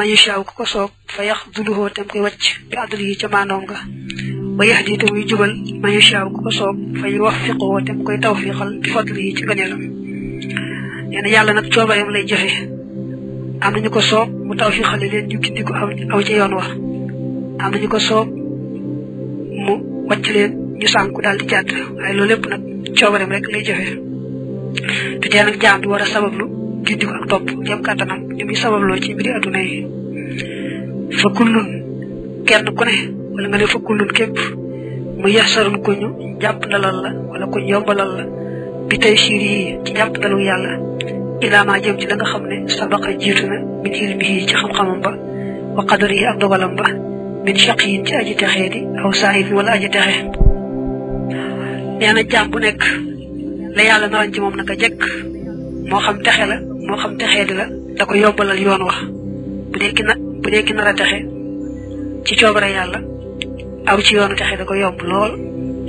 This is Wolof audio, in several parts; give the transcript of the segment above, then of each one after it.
mañu saaw ku ko soob fa yax duluhoo tem koy wàcc bi àddul yi ca maandoom nga ba yax di te muy jubal mañu saaw ku ko soob fa yu wax fiqoo tem koy tawfiixal bi fadl yi na yàlla lay jëfe ko soob mu tawfiixale leen ñu gindi aw ca yoon wa am ko soob mu wàcc daal di jàdd waaye loolu rek lay jëfe te tee nag jaam bi ci yi fakulun kenn ku ne wala nga ne fakulun kullun képp mu yaxsarun ko ñu jàpp dalal la wala ko yombalal la bi tey siir yi ci jàpp dalu yàlla ila ma jëm ci la nga xam ne sabaqa jiitu na min ilmihi ci xam-xamam ba wa qadar yi ak dogalam ba min shaq yi ci aji texee di aw saahib wala aji texe nee na jaam bu nekk la yàlla naroon ci moom naka jekk moo xam texe la moo xam texee la da ko yombalal yoon wax bu dee ki nag bu nar a texe ci a yàlla aw ci yoonu texe da ko yomb lool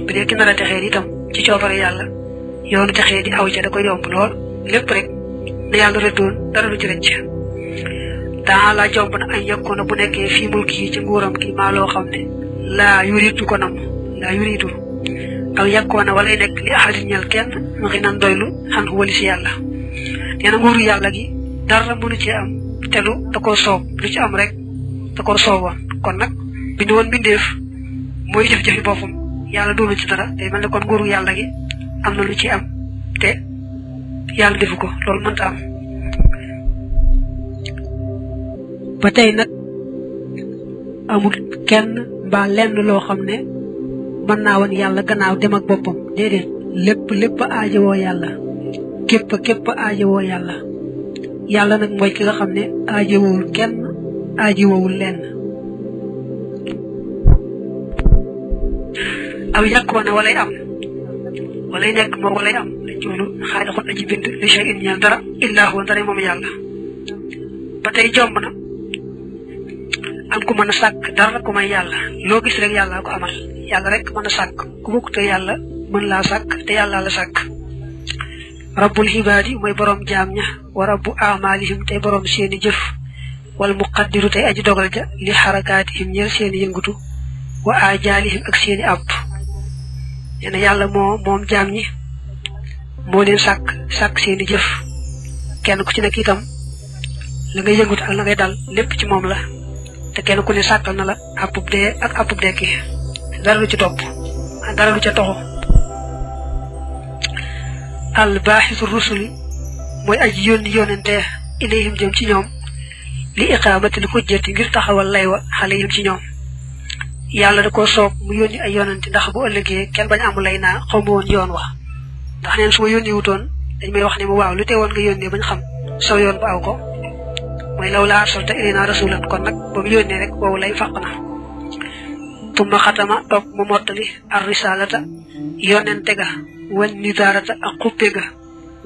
bu dee ki nar a texee itam ci coobare yàlla yoonu texee di aw ca da ko yomb lool rek na yàlla rëddoon dara lu ci rëcc taala jomb na ay yekkoona bu nekkee fii mul ci nguuram gi maa xam ne laa yuritu ko nam yuritu aw yekkoona walay nekk li ahadin ñal kenn maxi nan doylu xan wali si yàlla nee na nguuru yàlla gi dara mënu cee am te lu da koo soob lu ci am rek da koo sooboon kon nag bind woon bindeef mooy jëf-jëfi boppam yàlla doolu ci dara day mel ne kon nguuru yàlla gi am na lu ci am te yàlla defu ko loolu mënta am ba tey nag amul kenn mbaa lenn loo xam ne mën naa woon yàlla gannaaw dem ak boppam déedéet lépp lépp aajowoo yàlla képp képp aajowoo yàlla yàlla nag mooy ki nga xam ne aajowul kenn aajowul lenn aw yàkkoona walay am walay nekk moom walay am lañ joolu xaali bind li in ñeel dara illaa huwa dara moom yàlla ba tey jomb na am ku mën a sàkk dara ku may yàlla loo gis rek yàlla ko amal yàlla rek mën a sàkk ku bokk te yàlla mën laa sàkk te yàlla la sàkk rabbul ibadi moy borom jamnya, wa rabbu a'malihim tay borom seeni jëf wal muqaddiru tay aji dogal ja li harakatihim ñeel seeni yëngutu wa ajalihim ak seeni ab yana yalla mo mom jamni mo len sak sak seeni jëf kenn ku ci nek itam la ngay ak la ngay dal lepp ci mom la te kenn ku ne sakal na la apub de ak apub de ki dara lu ci top dara ci toxo الباحث الرسل موي اج يون يوننته اليهم جيم سي نيوم لاقامه الحجه غير تخاوا لايوا عليهم سي نيوم يالا داكو سوك مو يوني اي يوننتي داخ بو اولغي كين باغ ام لاينا خوبون يون وا داخ نين سو يوني ووتون داني مي واخ ني واو لوتي وون غا يوني باغ خام سو يون باو كو موي لولا ارسلت الينا رسولا كون نك بو يوني رك بو لاي فاقنا ثم ختم توك مو موتلي الرساله يوننتي wan nidaarata ak xuppe ga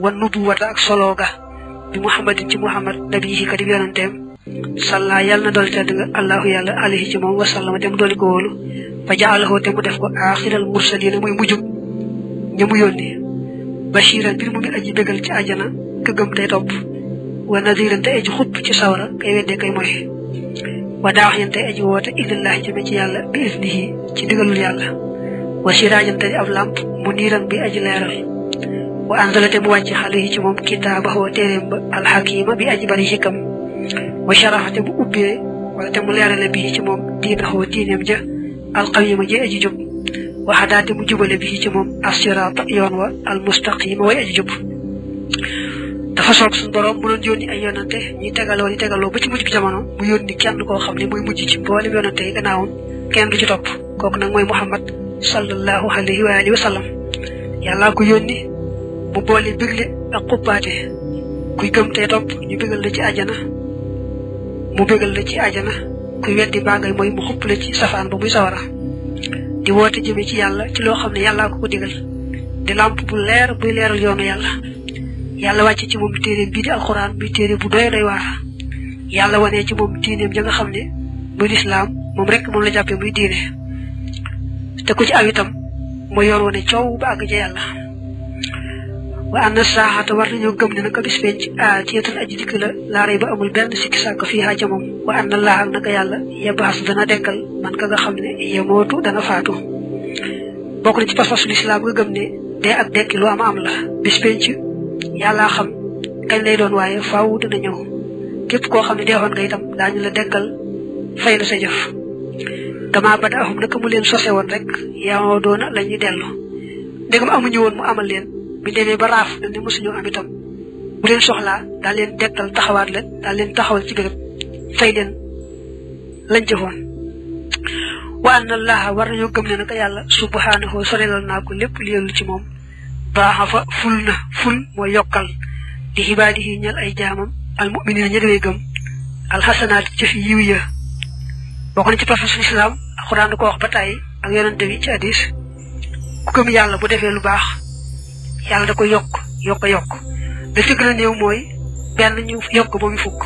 wan nubuwata ak solo ga bi muhammadin ci muhammad nabiyihi ka di yonanteem salla yàlla na dool tedd allahu yàlla alayhi ci moom wasallama dem dooli ko wóolu ba jaalahu te mu def ko axiral mursalina muy mujjub mu yónni bashiran bir mu ngi aji bégal ci ajana ka gëm tey topp wa nadiran tey xupp ci sawara kay weddee kay moy wa daawax yan woote ilallahi jëme ci yàlla bi isnihi ci digalul yàlla wa siraajan tey ab làmp mu niiram bi aji leeral wa anzalate mu wàcc xale yi ci moom kitaabahu téeréem ba alxakima bi aji bari xikam wa sharaxate mu ubbee ci moom diinahu diineem ja alqawima ji aji jub jubale bi ci moom assiraata yoon wa way aji jub dafa soog suñu borom mu doon yónni ay yonante ñuy tegaloo di tegaloo ba ci mujj jamono mu yónni kenn koo xam ne mooy mujj ci mboolem yonante yi gannaawam kenn du ci topp kooku nag mooy Muhammad sallallahu alayhi wa alihi wa sallam yàllaa ko yónni mu boole bégle ak xuppaate kuy gëm tey topp ñu bégal la ci ajana mu bégal la ci ajana kuy weddi baa ngay mooy mu xupp ci safaan ba muy sawara di woote jëme ci yàlla ci loo xam ne yàllaa ko ko digal di làmp bu leer buy leeral yoonu yàlla yàlla wàcce ci moom téere bii di alxuraan muy téere bu doy doy waar yàlla wanee ci moom diineem ja xam ne muy lislaam moom rek moom la jàppee muy diine te ku ci aw itam mu yoroo ne coow ba àgg ca yàlla wa anna saaxata war nañoo gëm ne nag bis penc aatiyatun ah, aji dikk la laaray ba amul benn sikki sàkk fii xaa ca moom wa anna naka yàlla yebaas dana dekkal man ka nga xam ne yemootu dana faatu bokk na ci pas-pasul islaam nga gëm ne dee ak dekki lu am am la bis penc yàllaa xam kañ lay doon waaye faaw dana ñëw képp koo xam ne deexoon nga itam daañu la dekkal fay la sa jëf kama bada ahum naka mu leen sose woon rek yamoo doona la ñuy dellu ndegam amuñu woon mu amal leen bi demee ba raaf ne mosuñu am itam bu leen soxlaa daal leen dettal taxawaat leen daal leen taxawal ci béréb fay leen lañ jëfoon wa na allaha war nañoo gëm ne naka yàlla subhanahu sorelal naa ko lépp li yellu ci moom baaxa fa ful na ful mooy yokkal di xibaadihi ñal ay jaamam almuminina ña gëm alxasanaat jëf yiw ya bokk na ci pas daan ko wax ba tay ak yonante bi ci hadith ku gëm yàlla bu defee lu baax yàlla da ko yokk yokk yokk da ci gën a néew mooy benn ñu yokk ba mu fukk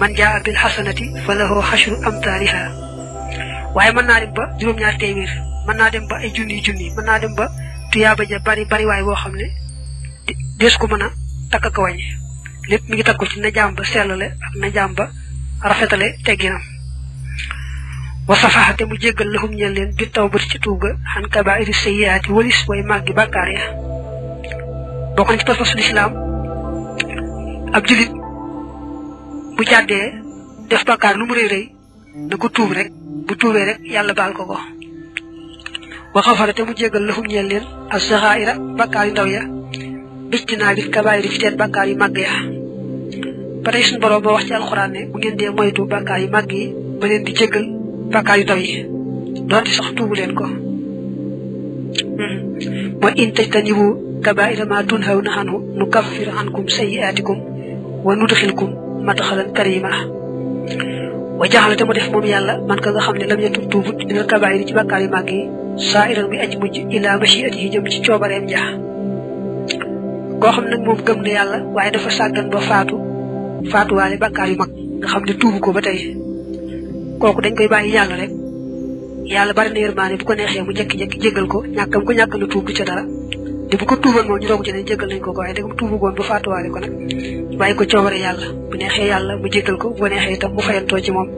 man jaa bil hasanati lahu hashru amthaliha waaye mën naa dem ba juróom ñaar téeméer mën naa dem ba ay junni junni mën naa dem ba tuyaaba ja bari bari waay boo xam ne des ko mën a ko wàññi lépp mi ngi takku ci na jàmba sellale ak na jàmba rafetale tegginam wa safaxa te mu jéggal lahum ñeel leen taw tawbati ci tuub ga xan kabairi sayyaati walis way màggi bàkkaar ya bokk na ci pas-pasu lislaam ab julit bu jàddee def bàkkaar lu mu rëy rëy na ko tuub rek bu tuubee rek yàlla baal ko ko wa xafara te mu jéggal lahum ñeel leen asaxaira bàkkaar yu ndaw ya bijtinaa bi kabairi ci teen bàkkaar yu màgg ya ba tey suñu borom ba wax ci alxuraan ne bu yu màgg yi leen di jéggal bakkaar yu ndaw yi donte sax tuubu leen ko hmm. wa in tajtanibu kabaira ma tunhawna anhu nukaffir ankum sayiatikum wa nudkhilkum madkhalan karima wa jaxala te def moom yàlla man ka nga xam ne lam yatub tuubut dina kabair ci bakkaar bi aji mujj ila mashiatihi jëm ci coobareem ja koo xam nag moom gëm na yàlla waaye dafa sàggan ba faatu faatuwaale bakkaar yu mag nga ko kooku dañ koy bàyyi yàlla rek yàlla bari na yërmaane bu ko neexee mu jékki-jékki jéggal ko ñàkkam ko ñàkk na tuub du ca dara te bu ko tuuboon moom ñu doog ci ne jéggal nañ ko ko waaye da ko tuubugoon ba faatuwaale ko nag ko coobare yàlla yàlla mu jéggal ko bu neexee itam mu fayantoo ci moom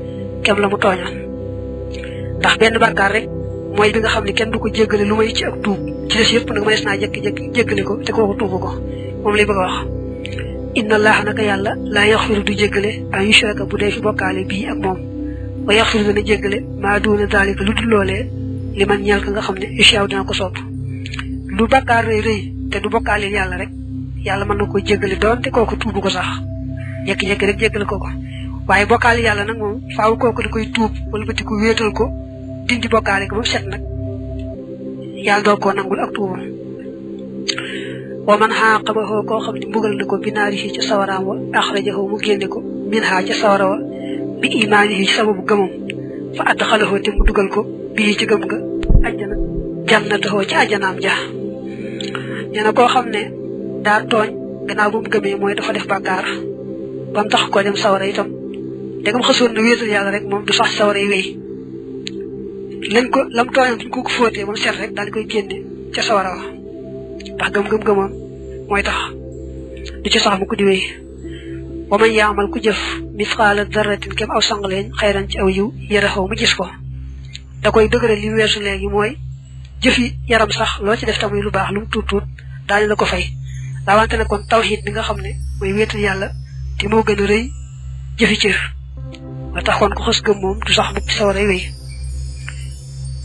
kem la mu tooñoon ndax benn bàkkaar rek mooy bi nga xam kenn du ko jéggale lu may ci ak tuub ci des yëpp nag mënees naa jékki-jékki jéggale ko te kooku tuubu ko moom lay bëgg a na inna allaha naka yàlla laa yaxfiru du jéggale an yushraka bu dee fi bokkaale bii ak moom wa yaxfir dana jéggale maa duuna daalika lu dul loolee li man ñeel ka nga xam ne incha dina ko sopp lu bakkaar rëy rëy te du bokkaaleel yàlla rek yàlla mën na ko jéggale doonte kooku tuubu ko sax jékki-jékki rek jéggale ko ko waaye bokkaale yàlla nag moom faaw kooku koy tuub walbati ko wéetal ko dindi bokkaale ko moom set nag yàlla doo koo nangul ak tuubam wa man xaaqabahu koo xam ne mbugal na ko binaari ci sawaraam wa axrajahu mu génne ko min ha ca bi imaan yi ci sababu gëmam fa adxalahu te mu dugal ko bii ci gëm nga ajjana jannatahu ci ajjanaam ja nee koo xam ne daa tooñ gannaaw bu mu gëmee mooy dafa def bàkkaar ba mu tax ko dem sawara itam dégam xasoon na wéetal yàlla rek moom du sax sawara yi wéy lañ ko lam tooñam suñ fóotee moom seet rek daal di koy génne ca sawara wa ndax gëm-gëm-gëmam mooy tax du ci sax mu ko di wéy wa man yaamal ku jëf misqaala darratin kem aw sangleen xayran ci aw yiw yaraxaw mu gis ko da koy dëgëral li weesu léegi mooy jëfi yaram sax loo ci def tamuy lu baax lu mu tuut tuut daañu la ko fay daawante ne kon tawxiid bi nga xam ne mooy wéetal yàlla te moo gën a rëy jëfi cër nga tax kon ko xës gëm moom du sax mukk ci sawara wéy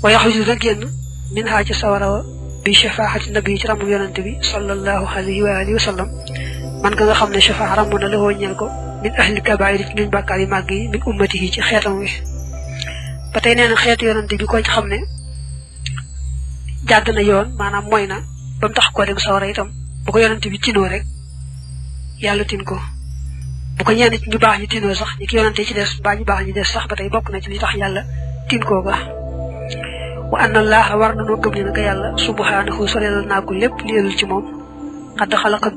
wa yaxruju na génn min haa ci sawara wa bi shafaaxati nabi ci ramu yonante bi sallallahu alayhi wa alihi wa sallam man ka nga xam ne shafa ramb na lëxoo ñeel ko min ahli kabaayir ci ñuñ bàkkaar yi màgg yi min ummati yi ci xeetam wi ba tey nee na xeetu yonante bi ko ci xam ne jàgg na yoon maanaam mooy na ba mu tax koo dem sawara itam bu ko yonante bi tinoo rek yàlla tin ko bu ko ñenn ñu baax ñu tinoo sax ñi ki yonante ci des mbaa ñu baax ñu des sax ba tey bokk na ci li tax yàlla tin koo ga wa anna allah war nanoo gëm ne naka yàlla subhanahu sorelal naa ko lépp li ëllul ci moom xadd xalaqa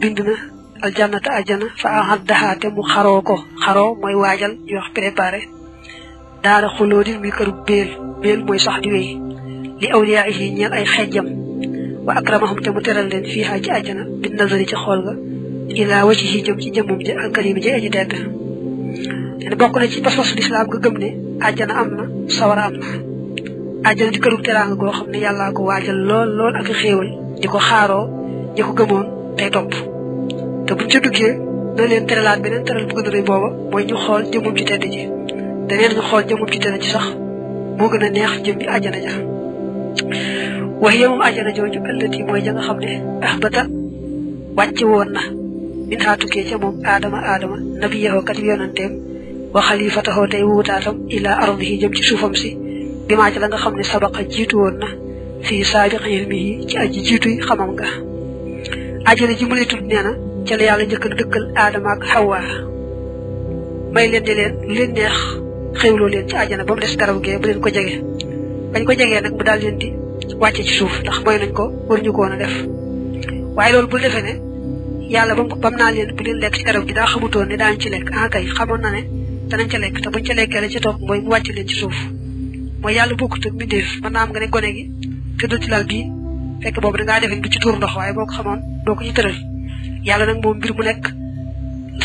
aljannata ajjana fa ahaddaha te mu xaroo ko xaroo mooy waajal ñu wax préparé daara xulóodin muy këru béel mooy sax di wéy li awliyaa yi ñeel ay xejjam wa akramahum te mu teral leen fiiha ci ajjana bi nazari ci xool ga ilaa waci yi jëm ci jëmmum ji alkarima ji aji te bokk na ci pasasu lislaam nga gëm ne ajjana am na sawara am na ajjana di këru teraanga goo xam ne yàllaa ko waajal lool lool ak xéewal di ko xaaroo di gëmoon tey topp te bu ci duggee na leen teralaat beneen teral bu gën a rëy booba mooy ñu xool jëmum ci tedd ji da leen ñu xool jëmum ci tedd ji sax moo gën a neex jëm bi àjjana ja wax yow àjjana jooju ëllëti mooy ja nga xam ne ahbata wàcc woon na min haa tukkee ca moom aadama aadama nabiyahoo kat yonanteem wa xalifatahoo tey wuutaatam ila ardihi jëm ci suufam si bi maa ci la nga xam ne sabaqa jiitu woon na fii saabiq ilmihi ci aji jiituy xamam nga àjjana ji mu lay tudd nee na ca la yàlla njëkk a dëkkal aadama ak xawa may leen di leen lu leen neex xewloo leen ci àjjana ba mu des garab gee bu leen ko jege bañ ko jegee nag bu daal leen di wàcce ci suuf ndax mooy nañ ko waruñu ko woon a def waaye loolu bu defee ne yàlla bam bam naa leen bu leen lekk ci garab gi daa xamutoon ne daañu ci lekk ah kay xamoon na ne danañ ca lekk te buñ ci lekkee la ca topp mooy mu wàcce leen ci suuf mooy yàlla bokkut ak mbindeef mën naa am nga ne gone gi tëddal ci lal bii fekk dangaa defee du ci tuur ndox waaye boo ko xamoon doo yàlla nag moom mbir mu nekk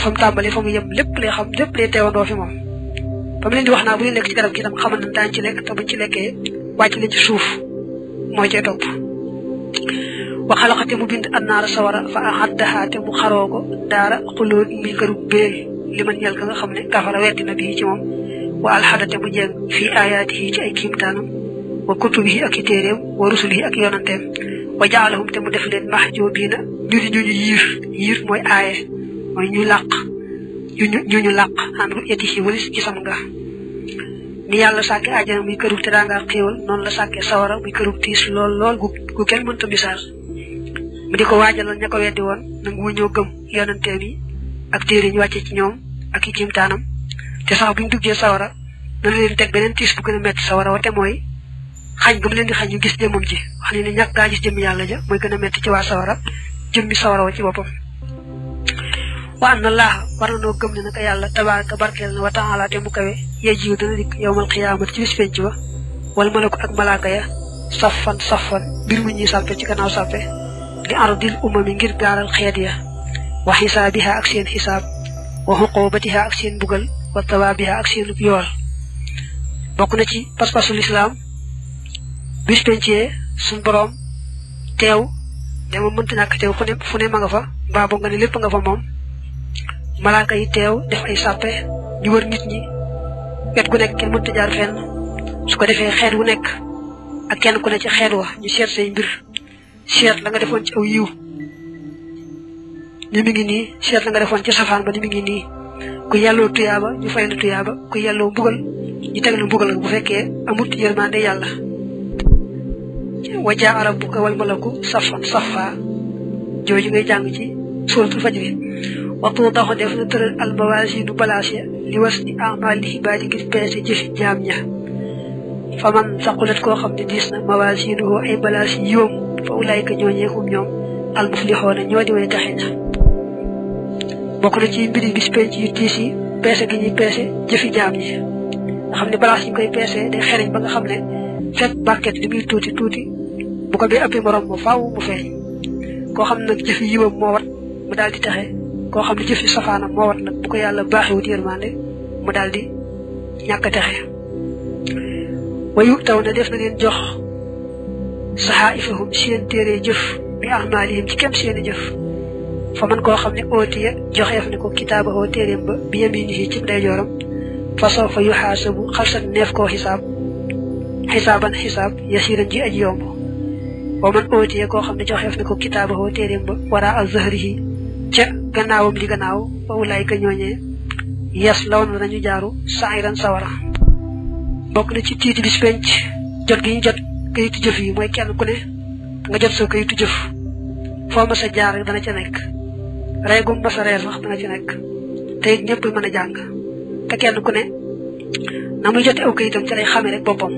fa mu tàmbalee fa mu yem lépp lay xam lépp lay teewandoo fi moom ba mu leen di wax naa bu ñu lekk ci garab gi tam xamal nañ daan ci lekk te bu ci lekkee wàcc leen ci suuf moo cay topp wa xalaqate mu bind annaara sawara fa axaddahaa te mu xaroo ko daara xulóot muy këru béel li man ñel ka nga xam ne kafara wetti na bii ci moom wa alxadate mu jeng fi aayaati ci ay kiimtaanam wa kutubihi ak i wa rusulihi ak yonanteem wa jaalahum te mu def leen mahjubina julli ñu yir yir moy ay moy ñu laq ñu ñu laq am yati ci ci gisam nga ni yalla sakke aja mi keru te daanga xéewal la sakke sawara mi keru tis Lol lol gu kenn mënta misaal mu di ko waajalal ñako ko won na nga wuñoo gëm yonante bi ak téré ñu wacce ci ñoom ak i tanam te sax buñ duggé sawara dana leen tek benen tis bu gëna metti sawara wate moy xañ gu mu leen di xañ ñu gis jëmmam ji wax ne ne ñàkk gaa gis jëmmi yàlla ja mooy gën a metti ci waa sawara jëmmi sawara wa ci boppam wa an na laaha war na noo gëm ne naka yàlla tabaraka barkeel na wa taala te mu kawe yey jiw dana dikk yowmal xiyaamat ci bis penc ba wala malaku ak malaaka ya safan safan mbir mu ñuy sàppe ci gannaaw sàppe li ardil umami ngir gaaral xeet ya wa xisaabiha ak seen xisaab wa xuqoobatiha ak seen bugal ak seen yool bis pencé sun borom tew dem mënta nak tew fune fune ma nga fa ba bo nga ni lepp nga fa mom malaka yi tew def ay sappé ñu wër nit ñi wet ku nek kenn mënta jaar fenn su ko defé xéet wu nek ak kenn ku ne ci xéet wa ñu sét sey mbir sét la nga defoon ci aw yiw ñu mi ngi ni sét la nga defoon ci safaan ba ñu mi ngi ni ku yallo tuyaaba ñu fay tuyaaba ku yallo bugal ñu teg bugal bu fekkee amut yermande yalla wajaa rabbuka wal malaku safan safa jooju ngay jàng ci suuratul fajr wa tuudaxu def na tëral almawaasiinu koo xam ne diis na mawaasiinu woo ay balaas yi yóom fa ulaayka ñooñee xum ñoom almuflixoona bokk na ci yi peese gi ñuy peese jëfi jaam ñi nga xam ne balaas yi ñu koy peese day xereñ ba nga xam ne fekk barket li muy tuuti tuuti bu ko bee ëppee morom ma faaw mu feeñ koo xam nag jëf yiwam moo wat mu daal di texe koo xam ne jëf safaanam moo wat nag bu ko yàlla baaxewut yërmande mu daal di ñàkk a texe wayu taw na def na leen jox saxaa'ifahum seen téere jëf bi ahmaalihim ci kem seeni jëf fa man koo xam ne ootiya joxeef ne ko kitaabahoo téeréem ba bi yaminihi ci ndeyjooram fa soo fa yu xaasabu xalsan neef koo xisaab xisaaban xisaab yasiran ji aji yomb wa man ootiye koo xam ne joxeef na ko kitaabahu téeréem ba wara al zahrihi ca gannaawam li gannaaw ba ulaayka ñooñee yes law na dañu jaaru sairan sawara bokk na ci tiiti bis penc jot gi ñu jot kayitu jëf yi mooy kenn ku ne nga jot sa kayitu jëf foo mas jaar dana ca nekk rey gum sax dana ca te ñëpp mën a jàng te kenn ku ne na muy jote aw kayitam ca lay xame rek boppam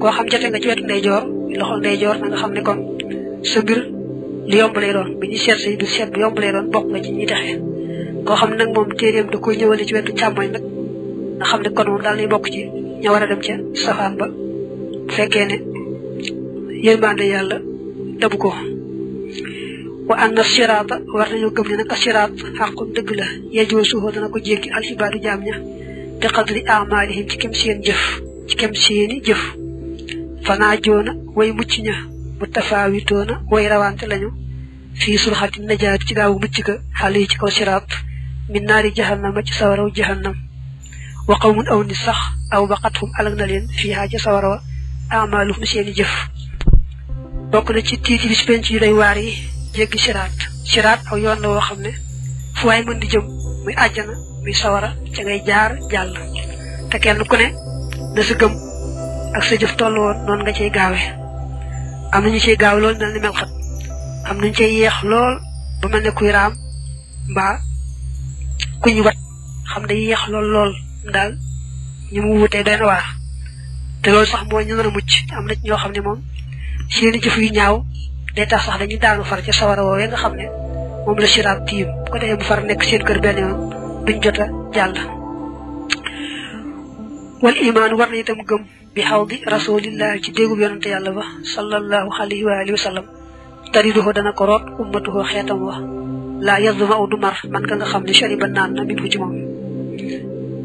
koo xam jafe nga ci wetu ndeyjoor loxol ndeyjoor na nga xam ne kon sa mbir lu yomb lay doon bu ñuy seet sa mbir seet bu yomb lay doon bokk nga ci ñi taxee koo xam ne nag moom téeréem da koy ñëwale ci wetu càmmoñ nag nga xam ne kon moom daal nay bokk ci ña war a dem ca safaan ba bu fekkee ne yërmande yàlla dabu ko wa anna siraata war nañu gëm ne nag a siraat xaqun dëgg la yejoo suufa dana ko jéggi alxibaadu jaam ña bi qadri amalihim ci kem seen jëf ci kem seeni jëf fanaajoona way mucc ña mutafaawitoona way rawante lañu fii di najaat ci gaawu mucc ga xale ci kaw siraat min naari jahannama ci sawaraw jahannam wa qawmun aw ni sax aw baqathum alag na leen fii haa ca sawara wa seeni jëf bokk na ci tiiti bis yu day waar yi jéggi siraat siraat aw yoon la woo xam ne fu waay mën di jëm muy àjjana muy sawara ca ngay jaar jàll te kenn ku ne na sa gëm ak sa jëf toll woon noonu nga cay gaawe am nañu ciy gaaw lool mel ni melxat am nañu cay yeex lool ba mel ne kuy raam mbaa kuñ wat xam day yeex lool lool daal ñu mu wutee doy na waar te loolu sax mooy ñu nar mucc am na ci ñoo xam ne moom seeni jëf yu ñaaw de tax sax dañuy daanu far ci sawara woowee nga xam ne moom la siraab tiim ko defee far nekk seen kër benn yoon duñ jot a jàll wal imaan war na itam gëm bi xawdi rasulillahi ci déggub yonante yàlla ba sallallahu alayhi wa alihi wa sallam tariduhu dana ko root ummatuhu xeetam wa laa yadma u du mar man ka nga xam ne shariba naan na minhu ci moom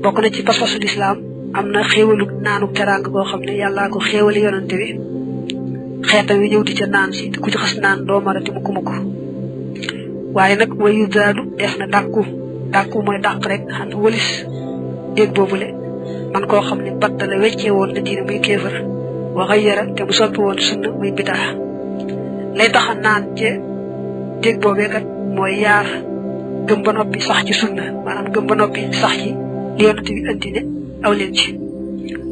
bokk na ci pas-pasul islaam am na xéewalu naanu teraang goo xam ne yàllaa ko xéewali yonante bi xeetam wi ñëw di ca naan si ku ci xas naan doo marati mukk mukk waaye nag wayu daadu def na dàkku dàkku mooy dàq rek xam walis déeg boobule man koo xam ne baddala weccee woon na diine muy kéefër wa xayyara te mu soppi woon sunn muy bidaa lay taxa naan je dég boobee kat mooy yaar gëm ba noppi sax ci sunna maanaam gëm ba noppi sax ci li yonante bi andi ne aw leen ci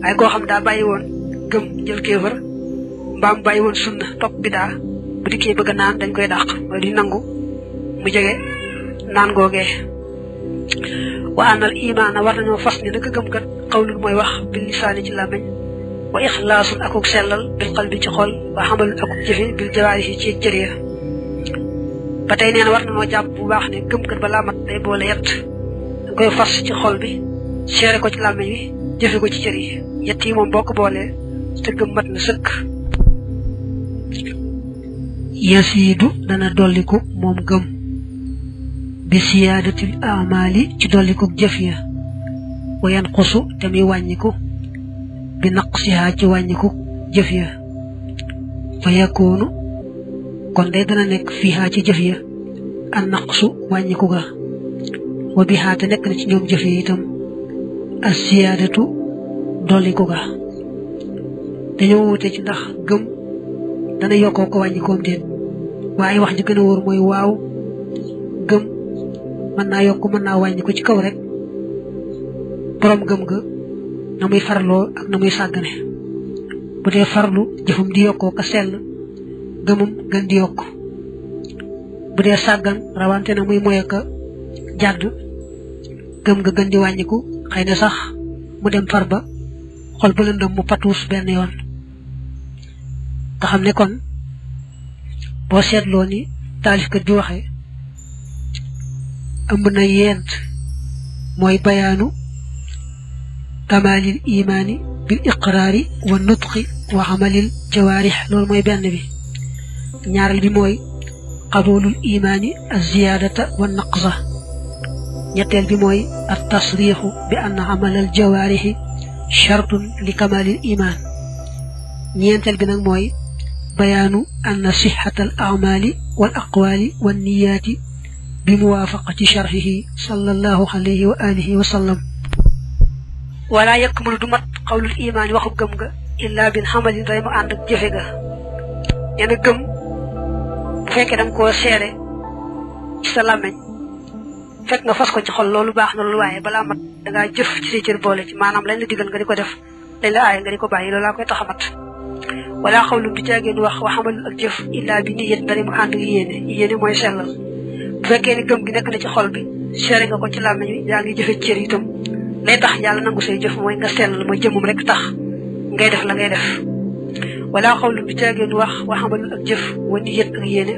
waaye koo xam daa bàyyi woon gëm jël kéefër mbaam bàyyi woon sunna topp bidaa bu dikkee bëgg naan dañ koy dàq mooy di nangu mu jege naan googee wa anal iman war nañoo fas ni naka gëm kat xawlun mooy wax bil lisaani ci làmmiñ wa ixlaasun akuk sellal bil qalbi ci xol wa xamalun akuk jëfe bil jawaarihi ci cër ya ba tey nee war na noo jàpp bu baax ne gëm kat balaa mat day boole yett dañ koy fas ci xol bi seere ko ci làmmiñ wi jëfe ko ci cër yi yett yi moom boo ko boolee te gëm mat na sëkk yasiidu dana dolliku moom gëm bi siyaadatil amaali ci dolliku jëf ya wa yanqusu te muy wàññiku bi naqsiha ci wàññiku jëf ya fa kon day dana nekk fiiha ci jëf ya an naqsu wàññiku ga wa biha te nekk na ci ñoom jëf ya itam as siyaadatu dolliku ga dañoo wute ci ndax gëm dana yokkoo ko wàññikoom déet waaye wax ji gën a mooy waaw gëm mën naa yokk mën naa wàññiku ci kaw rek borom gëm ga namuy farlo ak namuy sagane bu dee farlu jëfum di yokko ka sell gëmum gën di bu dee sàggan rawante na muy moye ka jàdd gëm nga gën di wàññiku xëy na sax mu dem far ba xol ba lëndëm mu patuus benn yoon nga xam ne kon boo seetloo ni taalif ka di waxe ëmb na yent mooy bayaanu كمال الإيمان بالإقرار والنطق وعمل الجوارح لول موي بن بي نيارال بي موي قبول الإيمان الزيادة والنقصة نيتال بي موي التصريح بأن عمل الجوارح شرط لكمال الإيمان نيانتال بي موي بيان أن صحة الأعمال والأقوال والنيات بموافقة شرحه صلى الله عليه وآله وسلم wala yakmalu du mat xawlul imaan waxu gëm nga illa bin xamalin day mu ànd ak jëfe ga nee na gëm bu fekkee danga ko seere ci sa làmmeñ fekk nga fas ko ci xol loolu baax na loolu waaye balaa mat dangaa jëf ci say boole ci maanaam lañ la digal nga di ko def lañ la aaye nga di ko bàyyi loolaa koy tax a mat wala xawlum du caageen wax wa xamalul ak jëf illa bi niyet dari mu ànd ak yéene mooy sellal bu fekkee ne gëm gi nekk na ci xol bi seere nga ko ci làmmeñ wi yaa ngi jëfe lay tax yàlla nangu say jëf mooy nga sell mooy jëmum rek tax ngay def la ngay def wala xawlu bi caageen wax waxamalul ak jëf wa niyat ak yéene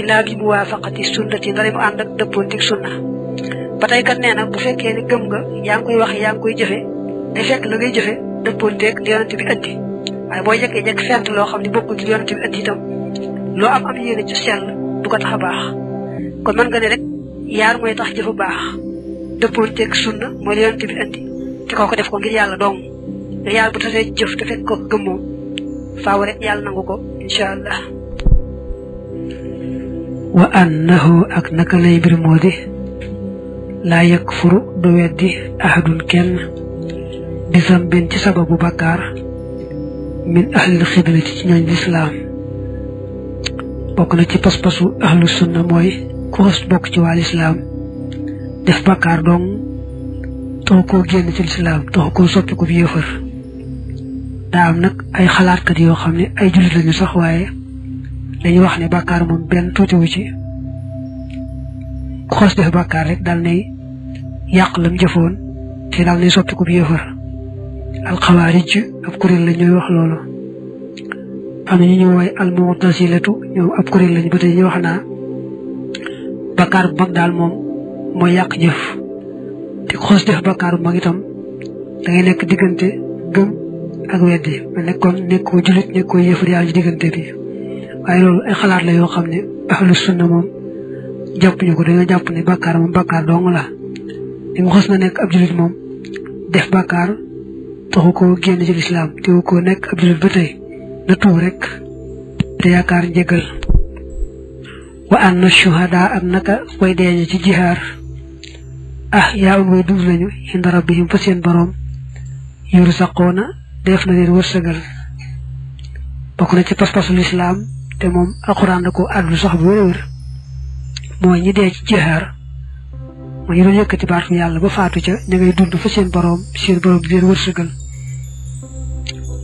illa bi muwafaqati sunnati ndare mu ànd ak dëppoontik sunna ba tey kat nee na bu fekkee ni gëm nga yaa ngi koy wax yaa ngi koy jëfe te fekk la ngay jëfe dëppoonteeg li yonante bi andi waaye boo jekkee jekk fent loo xam ne bokkul ci yonante bi andi itam loo am am yéene ci sell du ko tax a baax kon man nga ne rek yaar mooy tax jëfu baax dëppoo teeg sunna mooy li yonent bi andi te kooku def ko ngir yàlla dong te yàlla bu tasee jëf te fekk ko gëmmoo faaw rek yàlla nangu ko incha allah. wa annahu ak naka lay mbir moo di laa yakfuru du weddi ahadun kenn bisam bin ci sababu bakkaar min ahlil xiblati ci ñooñ lislaam bokk na ci pas-pasu ahlu sunna mooy ku bokk ci waa lislaam def bàkkaar dong taxu koo génn ci lislaam taxu koo soppi ko bi yéefar daa am nag ay xalaatkat yoo xam ne ay jullit lañu sax waaye dañuy wax ne bàkkaar moom benn tuutiwu ci ku xas def bàkkaar rek daal nay yàq lam jëfoon te daal nay soppi ko bi yéefar alxawaarij ab kuréel lañ ñooy wax loolu am na ñu ñu woy almuutasilatu ñoom ab kuréel lañ ba tey ñu wax naa bàkkaar bu mag daal moom mooy yàq jëf te xoos def bakkaar bu mag itam da nekk diggante gëm ak weddi ma nekkoon nekkoo jullit nekkoo yëfar yàlla ci diggante bi waaye loolu ay xalaat la yoo xam ne ahlu sunna moom jàpp ñu ko dañoo jàpp ne bakkaar moom bakkaar dong la li mu xos na nekk ab jullit moom def bakkaar taxu ko génn ci lislaam teewu ko nekk ab jullit ba tey na rek te yaakaar njëgal ah yaa um way dund lañu inda rabbihim fa seen boroom yursaqoona def na leen wërsëgal bokk na ci pas islaam te moom alxuraan da ko àddul sax bu wér-wér mooy ñi dee ci jihaar mooy ñu doon yëkkati baatu yàlla ba faatu ca ña ngay dund fa seen boroom seen boroom di leen wërsëgal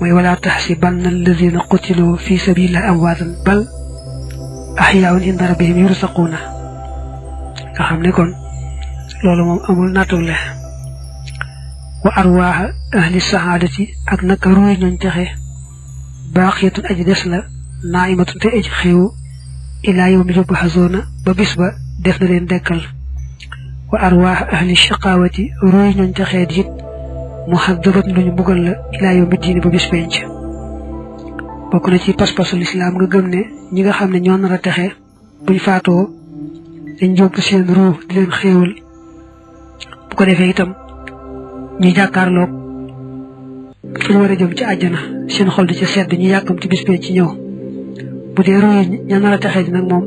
mooy wala taxsibanna alladina qutilu fi sabilillahi amwaatan bal ahyaun inda rabbihim yursaquuna nga xam ne kon loolu moom amul nattable wa arwaaxa ahli saxaadati ak naka ruuy ñooñ texe baaxiyatun aji des la naaimatun te aji xewu ilaa yow mi yóbbu xasoona ba bis ba def na leen dekkal wa arwaaxa ahli shaqaawati ruuy ñooñ texee it muxadabatun luñu mbugal la ilaa yow mi diini ba bis penc bokk na ci pas-pasu lislaam nga gëm ne ñi nga xam ne ñoo nar a texe buñ faatoo dañ jóg seen ruu di leen xéewal bu ko defee itam ñu jàkkaarloog fu ñu war a jëm ci àjjana seen xol di ci sedd ñu yàkkamti bis bee ci ñëw bu dee roy ña nar a texee ji nag moom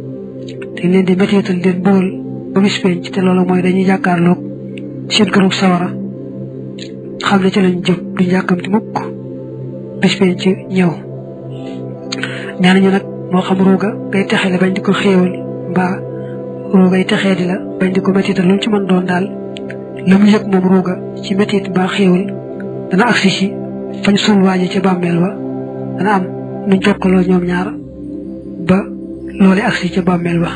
dañ leen di météetal leen bëggal ba bis bee ci te loolu mooy dañuy jàkkaarloog seen kërug sawara xam ne ci lañ jëm du duñ ci mukk bis bee ci ñëw ñaan ñu nag moo xam ruuga ngay texee la bañ di ko xéewal mbaa ruugay texee di la bañ di ko météetal lu ci mën doon daal lam yëg moom ruuga ci métit ba xéewal dana agsi ci fañ suul waaje ca bàmmeel ba dana am nu jokkaloo ñoom ñaar ba loole agsi ca bàmmeel ba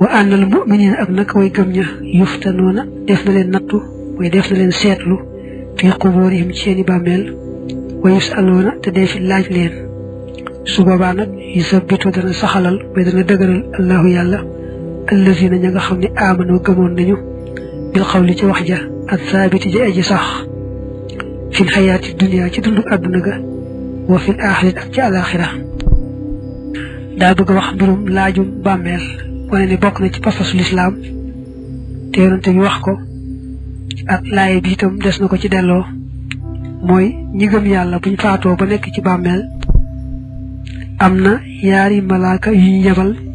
wa ànnal mu'miniin ak nag way gëm ña yuftanoona def na leen nattu way def na leen seetlu fi qubuurihim ci seeni bàmmeel wa yusaloona te dee fi laaj leen su boobaa nag yusabitu dana saxalal way dana dëgëral allahu yàlla allazina ña nga xam ne aamanu gëmoon nañu bil xawli ci wax ja ak saabiti ji aji sax fil xayaati dunia ci dundu àdduna ga wa fil aaxirat ak ci alaxira daa bëgg wax mbirum laajum bàmmeel wane ne bokk na ci pasasul islaam te yonante bi wax ko ak laaye bi itam des na ko ci delloo mooy ñi gëm yàlla buñ faatoo ba nekk ci bàmmeel am na yaari malaaka yu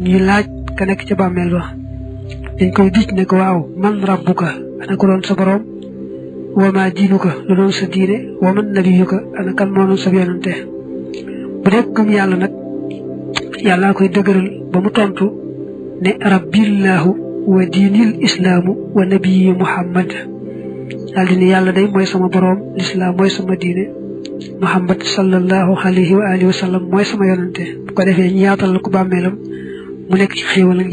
ñu laaj ka nekk ca bàmmeel ba dañ koy dic ne ko waaw man rabbuka ana ko doon sa borom wa ma diinuka lu doon sa diine wa man nabiyuka ana kan moo sa yonante bu dee gëm yàlla nag yàllaa koy dëgëral ba mu tontu ne rabbillahu wa diinil islaamu wa nabiyi muhammad daal di ne yàlla day mooy sama borom lislaam mooy sama diine muhammad sallallahu alayhi wa alihi wa sallam mooy sama yonante bu ko defee ñu yaatal la ko bàmmeelam mu nekk ci xéewal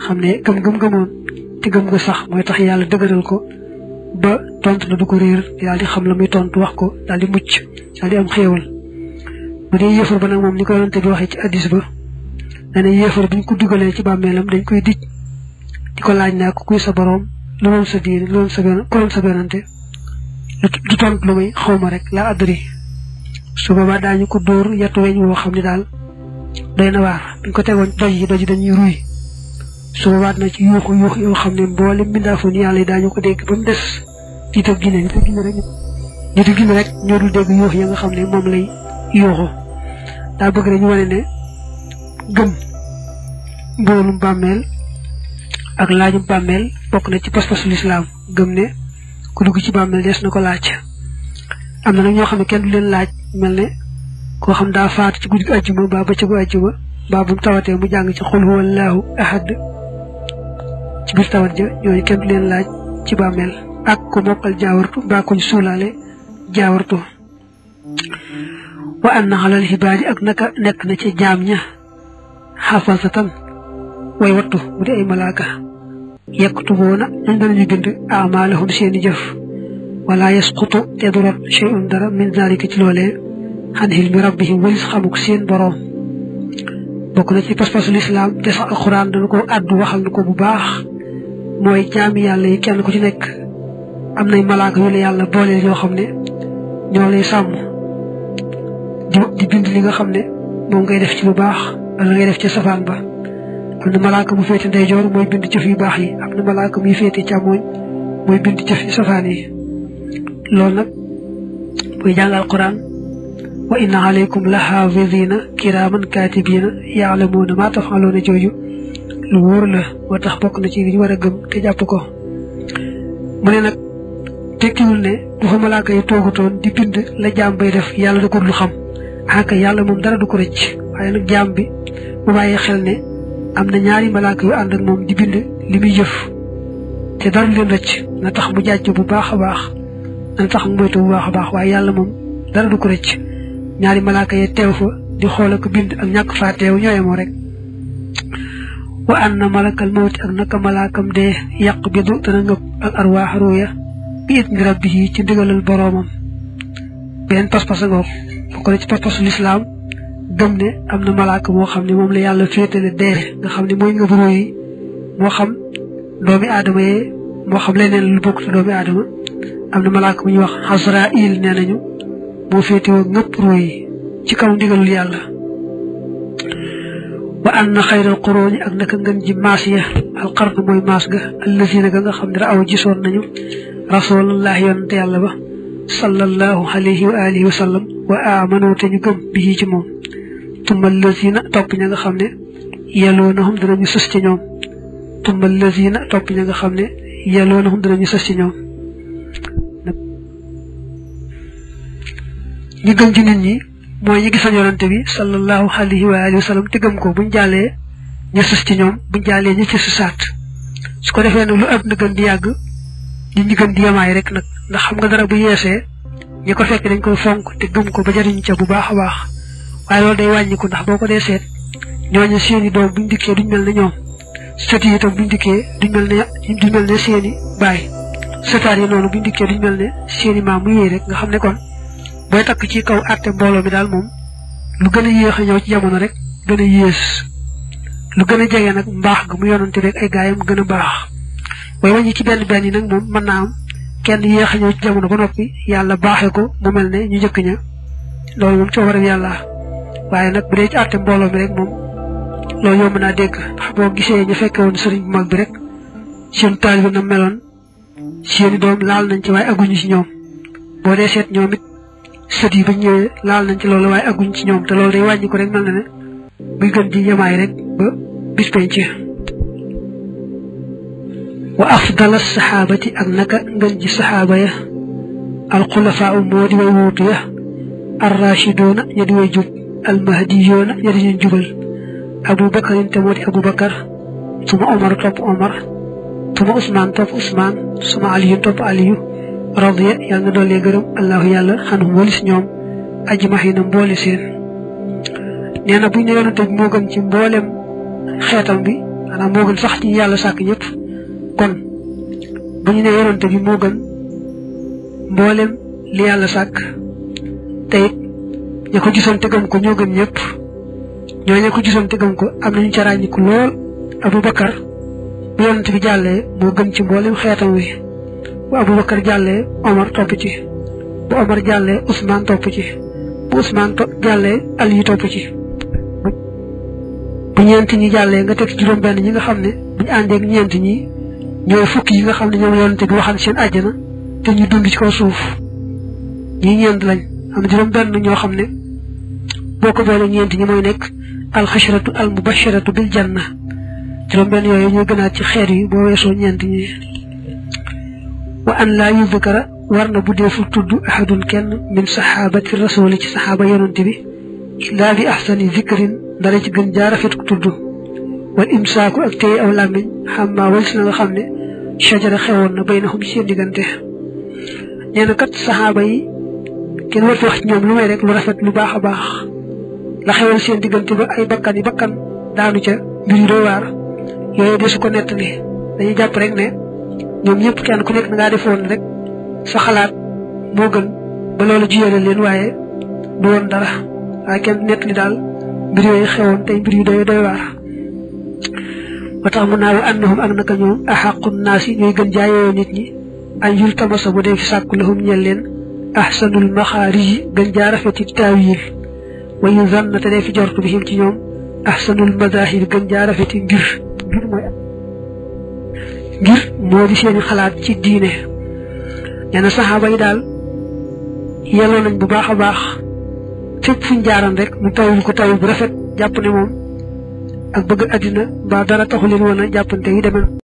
xam ne gëm gëm gëmoon te gëm ko sax mooy tax yàlla dëgëral ko ba tontu la du ko réer daal di xam la muy tontu wax ko daal di mucc daal di am xéewal bu dee yéefar ba nag moom ni ko yonante bi waxee ci addis ba dana yéefar buñ ko dugalee ci bàmmeelam dañ koy dij di ko laaj naa ko kuy sa boroom lu doon sa diine lu doon sa ku doon sa yonante du tontu lu muy xawma rek laa adduri su boobaa daañu ko dóor yatu weñ woo xam ni daal doy na waar buñ ko tegoon doj yi doj yi dañuy ruy suba waat na ci yuuxu yuuxu yoo xam ne mboolem mbindaafoon yàlla yi daañu ko dégg ba mu des nit ak jinne nit ak jinne rek nit ak jinne rek ñoo dul dégg yuux ya nga xam ne moom lay yuuxu daa bëgg dañu wane ne gëm mboolum bàmmeel ak laajum bàmmeel bokk na ci pas-pasu lislaam gëm ne ku dugg ci bàmmeel des na ko laaj am na nag ñoo xam ne kenn du leen laaj mel ne koo xam daa faatu ci guddi àjjuma baa bëccëgu àjjuma baa bu mu tawatee mu jàng ci xul huwallaahu ahad ci biir tawat ja yooyu kenn du leen laaj ci bàmmeel ak ku mokkal jaawartu mbaa kuñ suulaale jaawartu wa anna xalal xibaari ak naka nekk na ci jaam ña xafasatan way wattu bu di ay malaaka yaktubuuna nañ danañu bind amaalahum seeni jëf wala yasqutu te du rot shay'un dara min zalika ci loolee xan xilmi rabbihim walis xamuk seen boroom bokk na ci pas-pasu lislaam te sax alxuraan dana ko addu waxal na ko bu baax mooy jaami yàlla yi kenn ku ci nekk am nay malaaka yu la yàlla booleel yoo xam ne ñoo lay sàmm di bind li nga xam ne moom ngay def ci lu baax wala ngay def ci safaan ba am na malaaka mu féete ndeyjoor mooy bind jëf yu baax yi am na malaaka muy féete càmmooñ mooy bind jëf yu safaan yi loolu nag mooy jàngal Quraan wa inna aleykum la xaafidina kiraaman kaatibiina yaalamuuna maa tafaluuna jooju lu wor la wa tax bok na ci li wara gëm te japp ko mu ne nag ne du fa malaaka yi toogutoon di bind la jaam bay def yalla da ko lu xam aka yalla mom dara du ko recc waye nak jaam bi mu baye xel ne amna ñaari malaka yu and ak mom di bind limi muy jëf te dara leen recc na tax bu jaccu bu baax a baax na tax mu moytu bu baax baax waaye dara du ko recc ñaari malaka yi teew fa di xol ak bind ak ñàkk faa teew mo rek wa na malakal mawti ak naka malaakam dee yàq bi du dana ngëpp al arwaax ruuya bi it ngi rabbi yi ci ndigalal boroomam benn pas-pas ngoog bokk na ci pas-pasu lislaam gëm ne am na malaaka moo xam ne moom la yàlla féetale dee nga xam ne mooy ngëpp ruu yi moo xam doomi aadama yee moo xam leneen lu bokk doomi aadama am na malaaka bu ñuy wax Azraïl nee nañu moo féetewoo ngëpp ruu yi ci kaw ndigalul yàlla wa anna xayral quroni ak naka ngeen ji maas ya alqarnu mooy maas ga allazina ga nga xam ne raaw gisoon nañu rasulallah yonante yàlla ba sallallahu alayhi wa alihi wa sallam wa amanu gëm bii ci moom tumma allazina topp ña nga xam ne yaloonahum danañu sës ci ñoom tumma allazina topp ña nga xam ne yaloonahum danañu sës ci ñoom ñi gëm ci nit ñi mooy ñi gisoon yonante bi sallallahu alayhi wa alihi wa sallam te gëm ko bu jàllee ña sus ci ñoom buñ jàllee ña ci susaat su ko defee nag lu ëpp na gën di yàgg nit ñi gën di yemaay rek nag ndax xam nga dara bu yeesee ñi ko fekk dañ koy fonk te gëm ko ba jariñ ca bu baax a baax waaye loolu day wàññiku ndax boo ko dee seet ñooñu seeni doom buñ dikkee duñ mel ne ñoom sët yi itam buñ dikkee duñ mel ne duñ mel ne seeni baay sëtaat yi noonu buñ dikkee duñ mel ne seeni maam mu yee rek nga xam ne kon booy takk ci kaw àtte mbooloo mi daal moom lu gën a yéex a ñëw ci jamono rek gën a yées lu gën a jege nag mbaax ga mu yonante rek ay gaayam gën a baax waaye wàññi ci benn benn yi nag moom mën naa am kenn yéex a ñëw ci jamono ba noppi yàlla baaxee ko mu mel ne ñu njëkk ña loolu moom coobareem yàlla waaye nag bu dee ci mbooloo mi rek moom loolu yomb naa dégg ndax boo gisee ñu fekke woon sëriñ bu mag bi rek seen taalibe na meloon seeni doom laal nañ ci waaye aguñu ci ñoom boo dee seet sët yi bañ ñëwee laal nañ ci loolu waaye agguñ ci ñoom te loolu day wàññi ko mel na ne muy gën di yemaay rek ba bis penc wa afdala saxaabati ak naka ngën ji saxaaba ya alxulafaa moo di way wuutu ya arrachidoona ya di way jub almahdiyoona ya di ñu jubal abu bakarin moo di abu bakar suma omar topp omar suma usmaan topp usmaan suma aliyun topp aliyu radiya yal na doole Allah allahu yàlla xanum walis ñoom aji maxinam mboole seen nee na buñ ne yonante bi moo gën ci mboolem xeetam bi maanaam moo gën sax ci yàlla sàkk ñëpp kon buñ ne yonante bi moo gën mboolem li yàlla sàkk te it ña ko gisoon te gëm ko ñoo gën ñëpp ñoo ña ko gisoon te gëm ko am nañu ca ràññiku lool abou bakar bu yonante bi jàllee moo gën ci mboolem xeetam wi bu Aboubacar jàllee Omar topp ci bu Omar jàllee Ousmane topp ci bu Ousmane jàllee Ali topp ci bu ñeenti ñi jàllee nga teg ci juróom-benn ñi nga xam ne bu ñu ak ñeenti ñi ñooy fukki yi nga xam ne ñoom yonente bi waxal seen ajjana te ñu dund ci kaw suuf ñii ñeent lañ am juróom-benn ñoo xam ne boo ko boolee ñeenti ñi mooy nekk alxasharatu al mubasharatu bil janna juróom-benn yooyu ñoo gënaat ci xeer yi boo weesoo ñeenti ñi. وأن لا يذكر ورنا بدي فتود أحد كان من صحابة الرسول صحابة ينتبه إلا بأحسن ذكر درجة جنجارة في تكتود والإمساك أكتئي أولا من حما ولسنا الخامن شجر خيرون بينهم سير ديغانته نينا كت صحابة كن ورفو حتن يوم لميرك لرفت لباخ باخ لخيرون سير ديغانته أي بكان بكان دانو جا بلدوار يوم يدسو كنتني نيجا برنك نيجا ñoom ñëpp kenn ku nekk na defoon rek sa xalaat moo gën ba loolu jiyale leen waaye du woon dara waaye kenn nett ni daal mbir yooyu xewoon tey mbir yu doy doy waar ba tax mu naaw annahum ak naka ñoom axaqu naas yi ñooy gën jaayoo nit ñi an yul tamasa bu dee fi sàkku lahum ñel leen ahsanul maxaarij yi gën jaa rafeti taawil wa yu zanna te fi jortu bi ci ñoom ahsanul mazaahir gën jaa rafeti mbir mbir mooy ngir moo di seeni xalaat ci diine nee saxaaba yi daal yelloo nañ bu baax a baax fépp fuñ jaaran rek mu tawu ko tawu bu rafet jàpp ne moom ak bëgg àddina mbaa dara taxu leen woon a jàppante yi demee